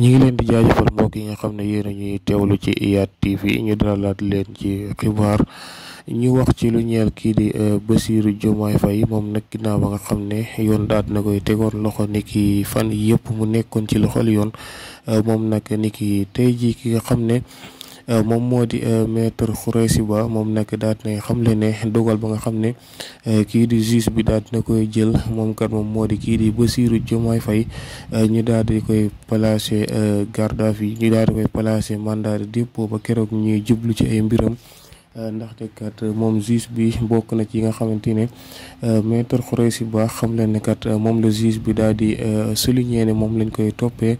ñu ngi leen di jaajëfal mbokk yi nga xam ne yéen a ñuy teewlu ci yaat IYAT TV ñu laat leen ci xibaar ñu wax ci lu ñeel kii di euh, Bassirou Diomaye Faye moom nag ginnaaw ba nga xam ne yoon daat na koy tegoon loxo ni ki fan yëpp mu nekkoon ci loxol yoon euh, moom nag ni ki tey jii ki nga xam ne. Euh, moom moo di euh, maître Khoureyssi Ba moom nag daal dina xamle ne dogal ba nga xam ne euh, kii di juge bi daal na koy jël moom kat moom moo di kii di Bassirou Diomaye fay ñu daal di koy placer garde à ñu daal di koy placer mandat de dépôt ba keroog ñuy jublu ci ay mbiram. ndaxte kat moom juge bi bokk na ci nga xamante ne maître Khoureyssi Ba xam leen ne kat moom la juge bi daal di souligner ne moom lañ koy toppee.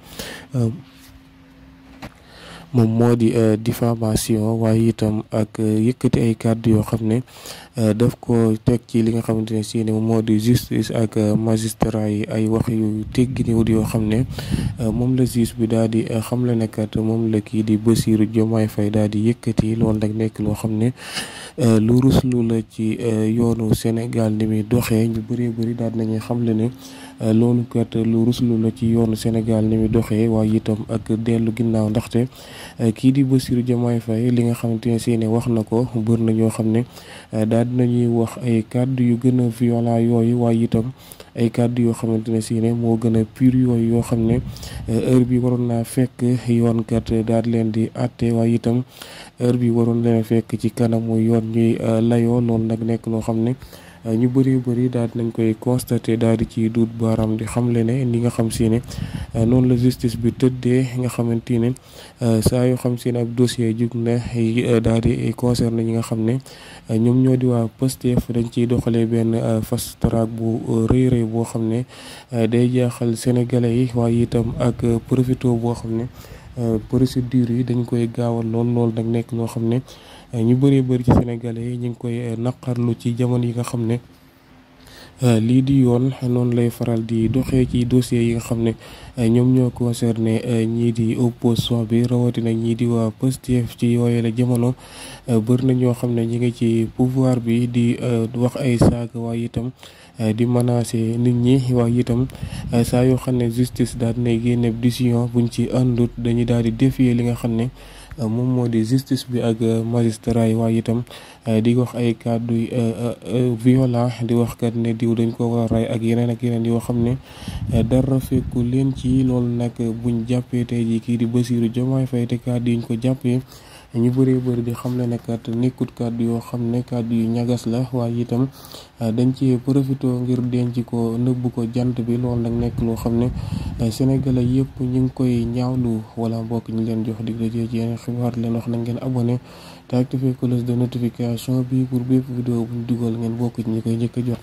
moom moo di euh, diffamation waaye itam ak euh, yëkkati ay kàddu yoo xam ne euh, def ko teg ci li nga xamante ne si ne moom moo di justice ak magistrat yi ay wax yu tegginiwut yoo xam ne moom la justice bi daal di xam la nekkat moom la kii di Bassirou Diomaye Faye daal di yëkkati loolu nag nekk loo xam ne Euh, lu ruslu la ci euh, yoonu Sénégal ni muy doxee ñu bëree bëri daal nañuy xamle ne euh, loolu kat lu ruslu la ci yoonu Sénégal ni muy doxee waaye itam ak dellu ginnaaw ndaxte kii di Bassirou Diomaye fay li nga xamante ne seeni wax na ko bër na ñoo xam ne daal dinañuy wax ay kàdd yu gën a yooyu waaye itam ay kàdd yoo xamante ne si moo gën a pur yooyu yoo xam ne heure bi waroon naa fekk yoon kat daal leen di àtte waaye itam heure bi waroon leen fekk ci kanamu yoon ñuy euh, layoo noonu nag nekk noo xam ne euh, ñu bëri bëri daal nañ koy constaté daal di ci duut baaraam di xamle ne ni nga xam si ne euh, noonu la justice bi tëddee nga xamante ne saa yoo xam si ne ab dossier jug na daal di concerné ñi nga xam ne ñoom ñoo di waa Pastef dañ ciy doxalee benn fast track bu rëy rëy boo xam ne day jaaxal sénégalais yi waaye itam ak profito boo xam ne procédure yi dañ koy gaawal lool lool nag nekk loo xam ne Euh, ñu bëree bari ci sénégalais yi ñu ngi koy euh, naqarlu ci jamono yi nga xam ne euh, lii di yoon noonu lay faral di doxee ci dossiers yi nga xam ne ñoom ñoo concerné ñii di opposition bi rawatina ñii di waa Pastef ci yooyu jamono bëri na ñoo xam ne ñi ngi ci pouvoir bi di wax ay saaga waaye itam di menacer nit ñi waaye itam saa yoo xam ne justice daal di génne décision buñ ci àndut dañuy daal di défier li nga xam ne. Euh, moom moo di justice bi ak euh, magistrat yi waaye itam euh, di wax ay kàddu violent di wax kat ne diw dañ ko war a ak yeneen ak yeneen yoo xam ne dara fekku leen ci loolu nag buñ jàppee tey jii kii di Bassirou Diomaye Faye te kàddu ñu ko jàppee ñu bëree bëri di xamle ne kat nekkut kàddu yoo xam ne kàddu yu ñagas la waaye itam ah, dañ ci profité ngir denc ko nëbb ko jant bi loolu nag nekk loo xam ne ah, sénégalais yëpp ñu ngi koy ñaawlu wala mbokk ñu leen jox dig dajee ci yeneen xibaar leen wax na ngeen abone te activé cloche de notification bi pour bépp vidéo bu ñu dugal ngeen bokk ci ñi koy njëkk a jot